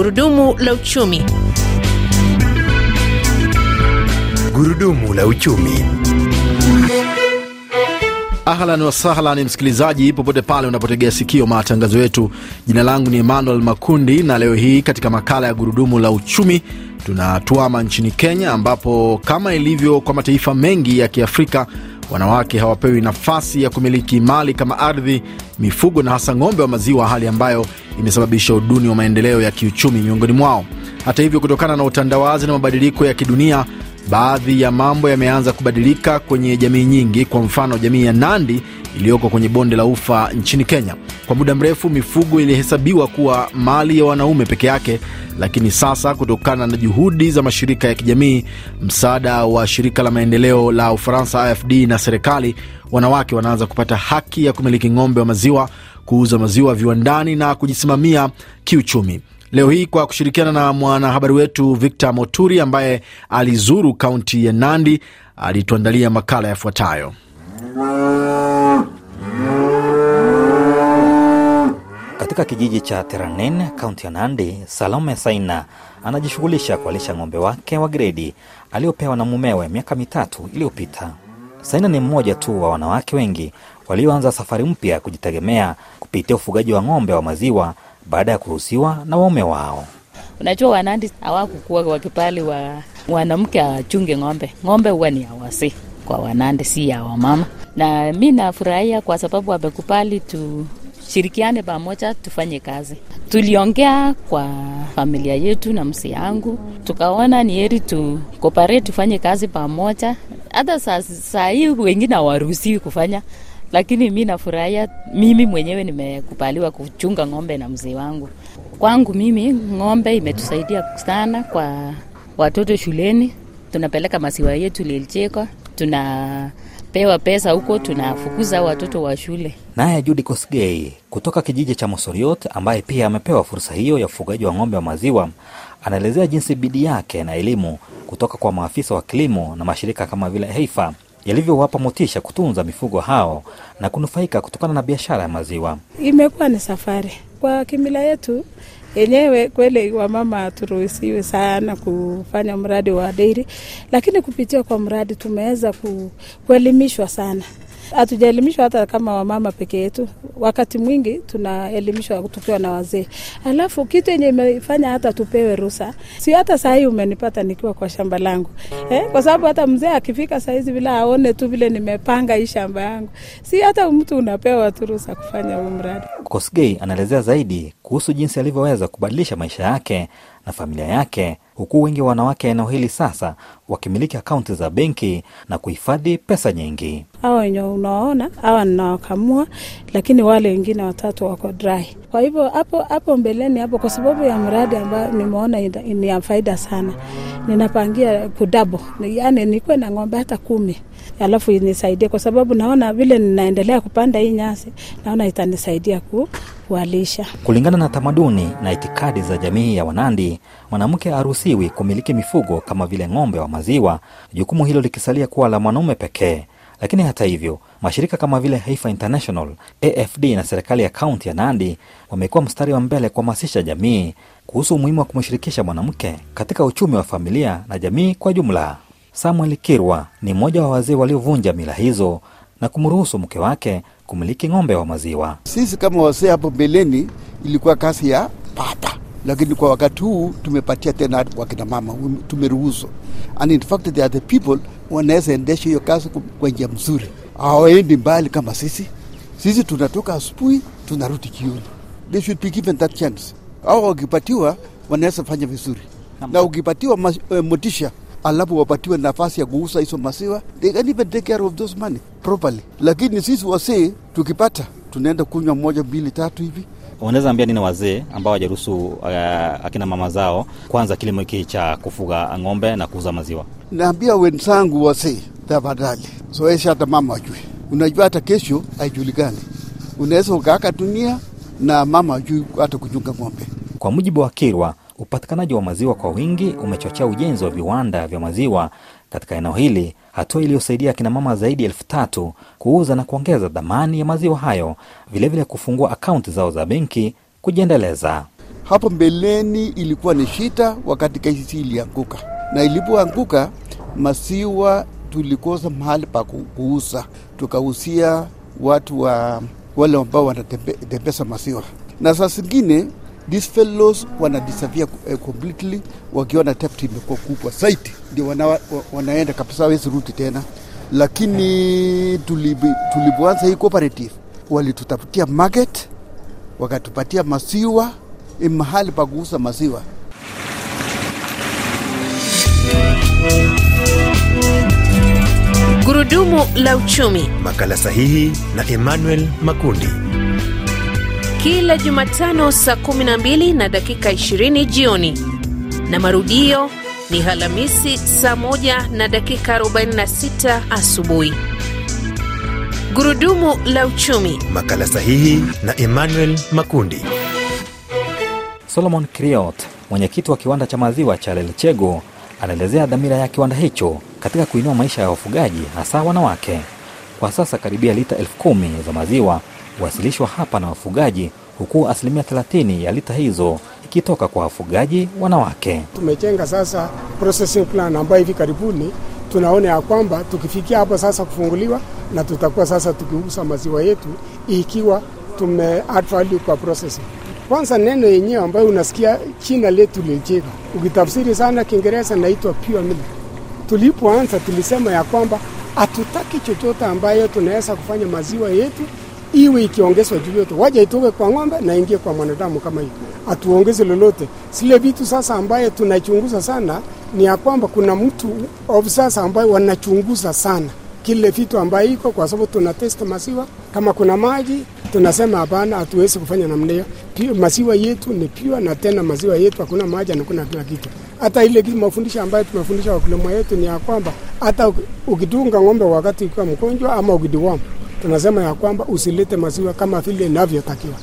Gurudumu la uchumi. Gurudumu la uchumi. Ahlan wasahlan, msikilizaji popote pale unapotegea sikio matangazo yetu. Jina langu ni Emmanuel Makundi, na leo hii katika makala ya gurudumu la uchumi tunatuama nchini Kenya, ambapo kama ilivyo kwa mataifa mengi ya Kiafrika wanawake hawapewi nafasi ya kumiliki mali kama ardhi, mifugo na hasa ng'ombe wa maziwa, hali ambayo imesababisha uduni wa maendeleo ya kiuchumi miongoni mwao. Hata hivyo, kutokana na utandawazi na mabadiliko ya kidunia, baadhi ya mambo yameanza kubadilika kwenye jamii nyingi, kwa mfano jamii ya Nandi iliyoko kwenye bonde la Ufa nchini Kenya. Kwa muda mrefu mifugo ilihesabiwa kuwa mali ya wanaume peke yake, lakini sasa kutokana na juhudi za mashirika ya kijamii, msaada wa shirika la maendeleo la Ufaransa AFD na serikali, wanawake wanaanza kupata haki ya kumiliki ng'ombe wa maziwa, kuuza maziwa viwandani na kujisimamia kiuchumi leo hii kwa kushirikiana na mwanahabari wetu Victor Moturi ambaye alizuru kaunti ya Nandi alituandalia makala yafuatayo. Katika kijiji cha Teranen, kaunti ya Nandi, Salome Saina anajishughulisha kualisha ng'ombe wake wa gredi aliopewa na mumewe miaka mitatu iliyopita. Saina ni mmoja tu wa wanawake wengi walioanza safari mpya kujitegemea kupitia ufugaji wa ng'ombe wa maziwa baada ya kuruhusiwa na waume wao. Unajua, Wanandi awakukua wakipali wa wanamke achunge ng'ombe. Ng'ombe huwa ni awasi kwa Wanandi, si ya wamama, na mi nafurahia kwa sababu wamekupali tu shirikiane pamoja tufanye kazi. Tuliongea kwa familia yetu na msi yangu, tukaona ni heri tu kopare tufanye kazi pamoja. Hata saa hii wengine hawaruhusiwi kufanya lakini mi nafurahia mimi mwenyewe nimekubaliwa kuchunga ng'ombe na mzee wangu. Kwangu mimi ng'ombe imetusaidia sana kwa watoto shuleni, tunapeleka maziwa yetu Lielchekwa, tunapewa pesa huko, tunafukuza watoto wa shule. Naye Judi Kosgei kutoka kijiji cha Mosoriot, ambaye pia amepewa fursa hiyo ya ufugaji wa ng'ombe wa maziwa, anaelezea jinsi bidii yake na elimu kutoka kwa maafisa wa kilimo na mashirika kama vile Heifa yalivyowapa motisha kutunza mifugo hao na kunufaika kutokana na biashara ya maziwa. Imekuwa ni safari kwa kimila yetu yenyewe kweli, wamama turuhusiwe sana kufanya mradi wa deri, lakini kupitia kwa mradi tumeweza kuelimishwa sana Hatujaelimishwa hata kama wamama peke yetu, wakati mwingi tunaelimishwa tukiwa na wazee. Alafu kitu yenye imefanya hata tupewe ruhusa, si hata sahii umenipata nikiwa kwa shamba langu eh, kwa sababu hata mzee akifika sahizi bila aone tu vile nimepanga hii shamba yangu, si hata mtu unapewa tu ruhusa kufanya huu mradi. Kosgei anaelezea zaidi kuhusu jinsi alivyoweza kubadilisha maisha yake na familia yake, huku wengi wa wanawake eneo hili sasa wakimiliki akaunti za benki na kuhifadhi pesa nyingi. Hawa wenye unawaona hawa ninawakamua, lakini wale wengine watatu wako dry. Kwa hivyo hapo hapo mbeleni hapo, kwa sababu ya mradi ambayo nimeona ni ya faida sana, ninapangia kudabo, yani nikuwe na ng'ombe hata kumi alafu inisaidie, kwa sababu naona vile ninaendelea kupanda hii nyasi, naona itanisaidia ku, kuwalisha. Kulingana na tamaduni na itikadi za jamii ya Wanandi, mwanamke haruhusiwi kumiliki mifugo kama vile ng'ombe wa maziwa, jukumu hilo likisalia kuwa la mwanaume pekee. Lakini hata hivyo mashirika kama vile Haifa International, AFD na serikali ya kaunti ya Nandi wamekuwa mstari wa mbele kuhamasisha jamii kuhusu umuhimu wa kumshirikisha mwanamke katika uchumi wa familia na jamii kwa jumla. Samuel Kirwa ni mmoja wa wazee waliovunja mila hizo na kumruhusu mke wake kumiliki ng'ombe wa maziwa. Sisi kama wazee hapo mbeleni ilikuwa kazi ya papa lakini kwa wakati huu tumepatia tena wakina mama, tumeruhusu and in fact they are the people wanaweza endesha hiyo kazi kwa njia mzuri, hawaendi mbali kama sisi. Sisi tunatoka asubuhi tunarudi jioni. They should be given that chance, au wakipatiwa wanaweza fanya vizuri, na ukipatiwa eh, motisha alafu wapatiwe nafasi ya kuuza hizo maziwa, they can even take care of those money properly. Lakini sisi wasee tukipata tunaenda kunywa moja mbili tatu hivi. Unaweza ambia nini wazee ambao wajaruhusu uh, akina mama zao kwanza kilimo hiki cha kufuga ng'ombe na kuuza maziwa? Naambia wenzangu wazee, tafadhali soesha hata mama wajue. Unajua hata kesho haijulikani, unaweza ukaaka dunia na mama ajui hata kuchunga ng'ombe. Kwa mujibu wa Kirwa, Upatikanaji wa maziwa kwa wingi umechochea ujenzi wa viwanda vya maziwa katika eneo hili, hatua iliyosaidia akinamama zaidi elfu tatu kuuza na kuongeza dhamani ya maziwa hayo, vilevile vile kufungua akaunti zao za benki kujiendeleza. Hapo mbeleni ilikuwa ni shita wakati KCC ilianguka, na ilipoanguka maziwa tulikosa mahali pa kuuza, tukausia watu wa wale ambao wanatembeza maziwa, na saa zingine These fellows uh, completely wakiona theft imekuwa kubwa site ndio wana, wanaenda kabisa wezi ruti tena. Lakini tulipoanza hii cooperative walitutafutia market, wakatupatia maziwa, mahali pa kuuza maziwa. Gurudumu la uchumi, makala sahihi na Emmanuel Makundi kila Jumatano saa 12 na dakika 20 jioni na marudio ni halamisi saa 1 na dakika 46 asubuhi. Gurudumu la uchumi, makala sahihi na Emmanuel Makundi. Solomon Kriot, mwenyekiti wa kiwanda cha maziwa cha Lelchego, anaelezea dhamira ya kiwanda hicho katika kuinua maisha ya wafugaji, hasa wanawake. Kwa sasa karibia lita elfu kumi za maziwa huwasilishwa hapa na wafugaji, huku asilimia 30 ya lita hizo ikitoka kwa wafugaji wanawake. Tumejenga sasa processing plan ambayo hivi karibuni tunaona ya kwamba tukifikia hapo sasa kufunguliwa na tutakuwa sasa tukiuza maziwa yetu ikiwa tume add value kwa processing. Kwanza neno yenyewe ambayo unasikia china letu lilijika, ukitafsiri sana Kiingereza naitwa pure milk. Tulipoanza tulisema ya kwamba hatutaki chochote ambayo tunaweza kufanya maziwa yetu iwe ikiongezwa juu yote, waje itoke kwa ng'ombe na ingie kwa mwanadamu kama hivi, atuongeze lolote sile vitu. Sasa ambaye tunachunguza sana ni ya kwamba kuna mtu of sasa ambaye wanachunguza sana kile vitu ambaye iko, kwa sababu tuna test maziwa kama kuna maji tunasema hapana, hatuwezi kufanya namna hiyo. Maziwa yetu ni pia na tena maziwa yetu hakuna maji na kuna kila kitu. Hata ile mafundisho ambayo tumefundisha wakulima wetu ni ya kwamba hata ukidunga ng'ombe wakati ukiwa mgonjwa ama ukidiwama tunasema ya kwamba usilete maziwa kama vile inavyotakiwa.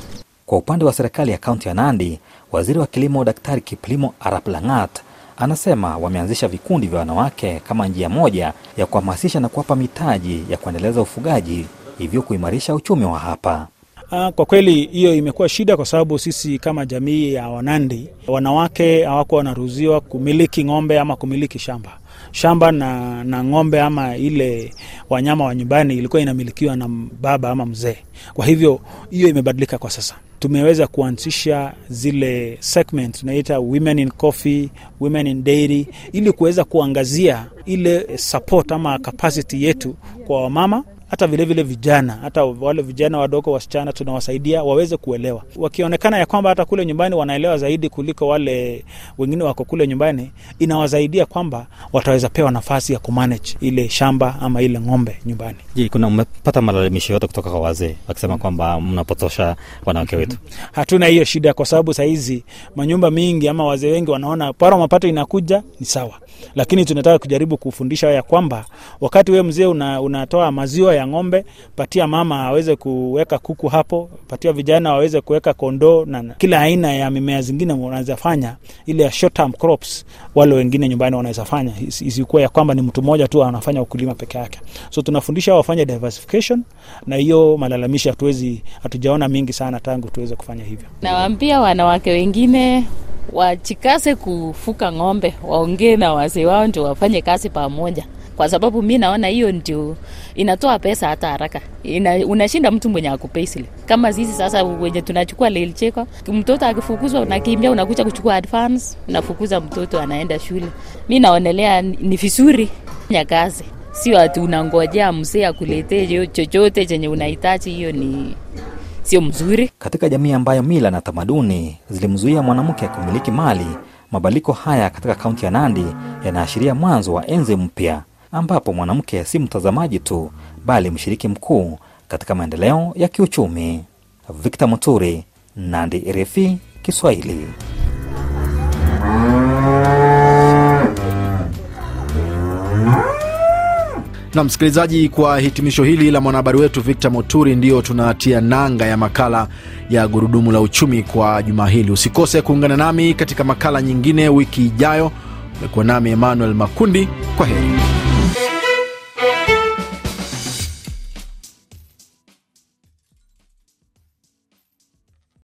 Kwa upande wa serikali ya kaunti ya Nandi, waziri wa kilimo Daktari Kiplimo Arap Langat anasema wameanzisha vikundi vya wanawake kama njia moja ya kuhamasisha na kuwapa mitaji ya kuendeleza ufugaji, hivyo kuimarisha uchumi wa hapa. Ah, kwa kweli hiyo imekuwa shida, kwa sababu sisi kama jamii ya Wanandi wanawake hawakuwa wanaruhusiwa kumiliki ng'ombe ama kumiliki shamba shamba na, na ng'ombe ama ile wanyama wa nyumbani ilikuwa inamilikiwa na baba ama mzee. Kwa hivyo hiyo imebadilika kwa sasa, tumeweza kuanzisha zile segment tunaita women in coffee, women in dairy, ili kuweza kuangazia ile support ama capacity yetu kwa wamama hata vilevile vile vijana, hata wale vijana wadogo, wasichana tunawasaidia waweze kuelewa. Wakionekana ya kwamba hata kule nyumbani wanaelewa zaidi kuliko wale wengine wako kule nyumbani, inawasaidia kwamba wataweza pewa nafasi ya kumanage ile shamba ama ile ng'ombe nyumbani. Je, kuna umepata malalamisho yote kutoka kwa wazee wakisema kwamba mnapotosha wanawake wetu? Hatuna hiyo shida, kwa sababu sahizi manyumba mingi ama wazee wengi wanaona paro mapato inakuja ni sawa lakini tunataka kujaribu kufundisha ya kwamba wakati we mzee una, unatoa maziwa ya ng'ombe, patia mama aweze kuweka kuku hapo, patia vijana waweze kuweka kondoo na kila aina ya mimea zingine wanawezafanya ile ya short term crops wale wengine nyumbani wanawezafanya isikuwa ya kwamba ni mtu mmoja tu anafanya ukulima peke yake. So tunafundisha wafanye diversification, na hiyo malalamishi hatuwezi, hatujaona mingi sana tangu tuweze kufanya hivyo. Nawaambia wanawake wengine wachikase kufuka ng'ombe, waongee na wazee wao ndio wafanye kazi pamoja, kwa sababu mi naona hiyo ndio inatoa pesa hata haraka ina, unashinda mtu mwenye akupei kama sisi sasa wenye tunachukua lelcheko. Mtoto akifukuzwa unakimbia unakuja kuchukua advance, unafukuza mtoto anaenda shule. Mi naonelea ni vizuri nya kazi, sio ati unangojea mzee akuletee chochote chenye unahitaji. Hiyo ni sio mzuri. Katika jamii ambayo mila na tamaduni zilimzuia mwanamke kumiliki mali, mabadiliko haya katika kaunti ya Nandi yanaashiria mwanzo wa enzi mpya ambapo mwanamke si mtazamaji tu, bali mshiriki mkuu katika maendeleo ya kiuchumi. Victor Muturi, Nandi rf Kiswahili. Na msikilizaji, kwa hitimisho hili la mwanahabari wetu Victor Moturi, ndiyo tunatia nanga ya makala ya gurudumu la uchumi kwa juma hili. Usikose kuungana nami katika makala nyingine wiki ijayo. Umekuwa nami Emmanuel Makundi, kwa heri.